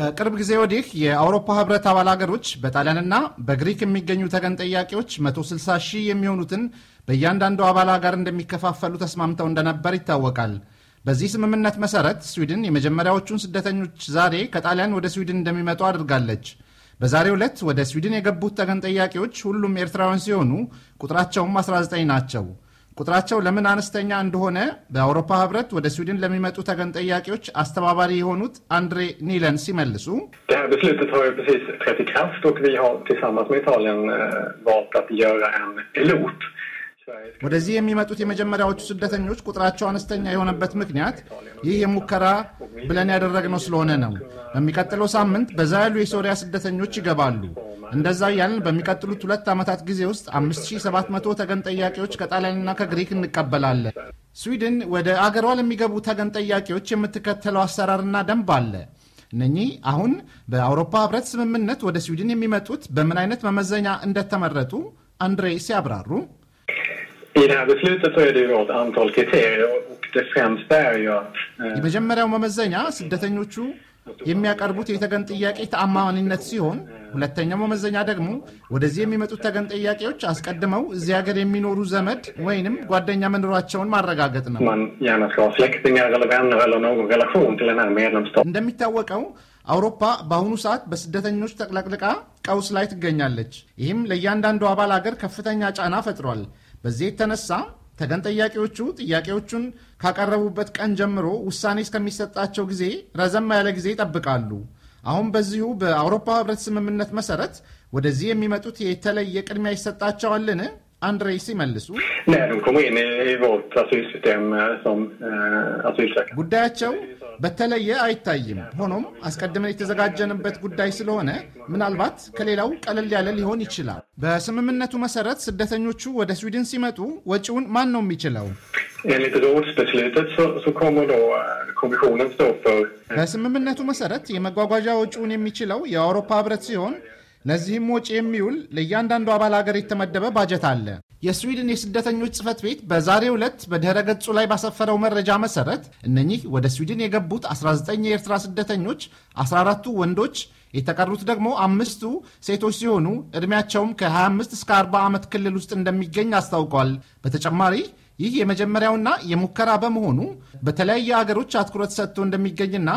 ከቅርብ ጊዜ ወዲህ የአውሮፓ ህብረት አባል አገሮች በጣሊያንና በግሪክ የሚገኙ ተገን ጠያቂዎች 160 ሺህ የሚሆኑትን በእያንዳንዱ አባል ሀገር እንደሚከፋፈሉ ተስማምተው እንደነበር ይታወቃል። በዚህ ስምምነት መሰረት ስዊድን የመጀመሪያዎቹን ስደተኞች ዛሬ ከጣሊያን ወደ ስዊድን እንደሚመጡ አድርጋለች። በዛሬ ዕለት ወደ ስዊድን የገቡት ተገን ጠያቂዎች ሁሉም ኤርትራውያን ሲሆኑ ቁጥራቸውም 19 ናቸው። ቁጥራቸው ለምን አነስተኛ እንደሆነ በአውሮፓ ህብረት ወደ ስዊድን ለሚመጡ ተገን ጠያቂዎች አስተባባሪ የሆኑት አንድሬ ኒለን ሲመልሱ ወደዚህ የሚመጡት የመጀመሪያዎቹ ስደተኞች ቁጥራቸው አነስተኛ የሆነበት ምክንያት ይህ የሙከራ ብለን ያደረግነው ስለሆነ ነው። በሚቀጥለው ሳምንት በዛ ያሉ የሶሪያ ስደተኞች ይገባሉ። እንደዛ ያንን በሚቀጥሉት ሁለት ዓመታት ጊዜ ውስጥ 5700 ተገን ጠያቂዎች ከጣሊያንና ከግሪክ እንቀበላለን። ስዊድን ወደ አገሯ ለሚገቡ ተገን ጠያቂዎች የምትከተለው አሰራርና ደንብ አለ። እነኚህ አሁን በአውሮፓ ህብረት ስምምነት ወደ ስዊድን የሚመጡት በምን አይነት መመዘኛ እንደተመረጡ አንድሬ ሲያብራሩ eh, የመጀመሪያው መመዘኛ ስደተኞቹ የሚያቀርቡት የተገን ጥያቄ ተአማኒነት ሲሆን ሁለተኛው መመዘኛ ደግሞ ወደዚህ የሚመጡት ተገን ጥያቄዎች አስቀድመው እዚህ ሀገር የሚኖሩ ዘመድ ወይንም ጓደኛ መኖራቸውን ማረጋገጥ ነው። እንደሚታወቀው አውሮፓ በአሁኑ ሰዓት በስደተኞች ተቅለቅልቃ ቀውስ ላይ ትገኛለች። ይህም ለእያንዳንዱ አባል ሀገር ከፍተኛ ጫና ፈጥሯል። በዚህ የተነሳ ተገን ጠያቂዎቹ ጥያቄዎቹን ካቀረቡበት ቀን ጀምሮ ውሳኔ እስከሚሰጣቸው ጊዜ ረዘም ያለ ጊዜ ይጠብቃሉ። አሁን በዚሁ በአውሮፓ ህብረት ስምምነት መሰረት ወደዚህ የሚመጡት የተለየ ቅድሚያ ይሰጣቸዋልን? Andrei ሲመልሱ ጉዳያቸው በተለየ አይታይም። ሆኖም አስቀድመን የተዘጋጀንበት ጉዳይ ስለሆነ ምናልባት ከሌላው ቀለል ያለ ሊሆን ይችላል። በስምምነቱ መሰረት ስደተኞቹ ወደ ስዊድን ሲመጡ ወጪውን ማን ነው የሚችለው? Eh, eh, በስምምነቱ መሰረት የመጓጓዣ ወጪውን የሚችለው የአውሮፓ ህብረት ሲሆን ለዚህም ወጪ የሚውል ለእያንዳንዱ አባል ሀገር የተመደበ ባጀት አለ። የስዊድን የስደተኞች ጽህፈት ቤት በዛሬው ዕለት በድኅረ ገጹ ላይ ባሰፈረው መረጃ መሰረት እነኚህ ወደ ስዊድን የገቡት 19 የኤርትራ ስደተኞች 14ቱ ወንዶች የተቀሩት ደግሞ አምስቱ ሴቶች ሲሆኑ ዕድሜያቸውም ከ25 እስከ 40 ዓመት ክልል ውስጥ እንደሚገኝ አስታውቋል። በተጨማሪ ይህ የመጀመሪያውና የሙከራ በመሆኑ በተለያየ አገሮች አትኩረት ሰጥቶ እንደሚገኝና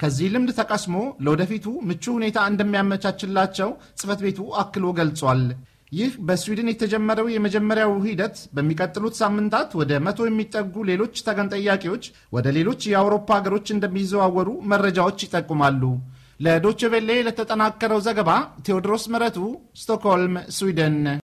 ከዚህ ልምድ ተቀስሞ ለወደፊቱ ምቹ ሁኔታ እንደሚያመቻችላቸው ጽፈት ቤቱ አክሎ ገልጿል። ይህ በስዊድን የተጀመረው የመጀመሪያው ሂደት በሚቀጥሉት ሳምንታት ወደ መቶ የሚጠጉ ሌሎች ተገን ጠያቂዎች ወደ ሌሎች የአውሮፓ ሀገሮች እንደሚዘዋወሩ መረጃዎች ይጠቁማሉ። ለዶችቬሌ ለተጠናከረው ዘገባ ቴዎድሮስ ምረቱ፣ ስቶክሆልም፣ ስዊድን